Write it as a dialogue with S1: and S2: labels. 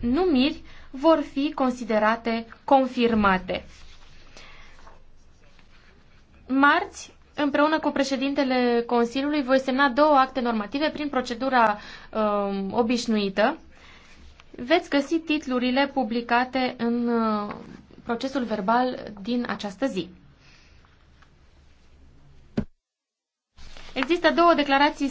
S1: numiri vor fi considerate confirmate. Marți, împreună cu președintele Consiliului, voi semna două acte normative prin procedura um, obișnuită. Veți găsi titlurile publicate în uh, procesul verbal din această zi. Există două
S2: declarații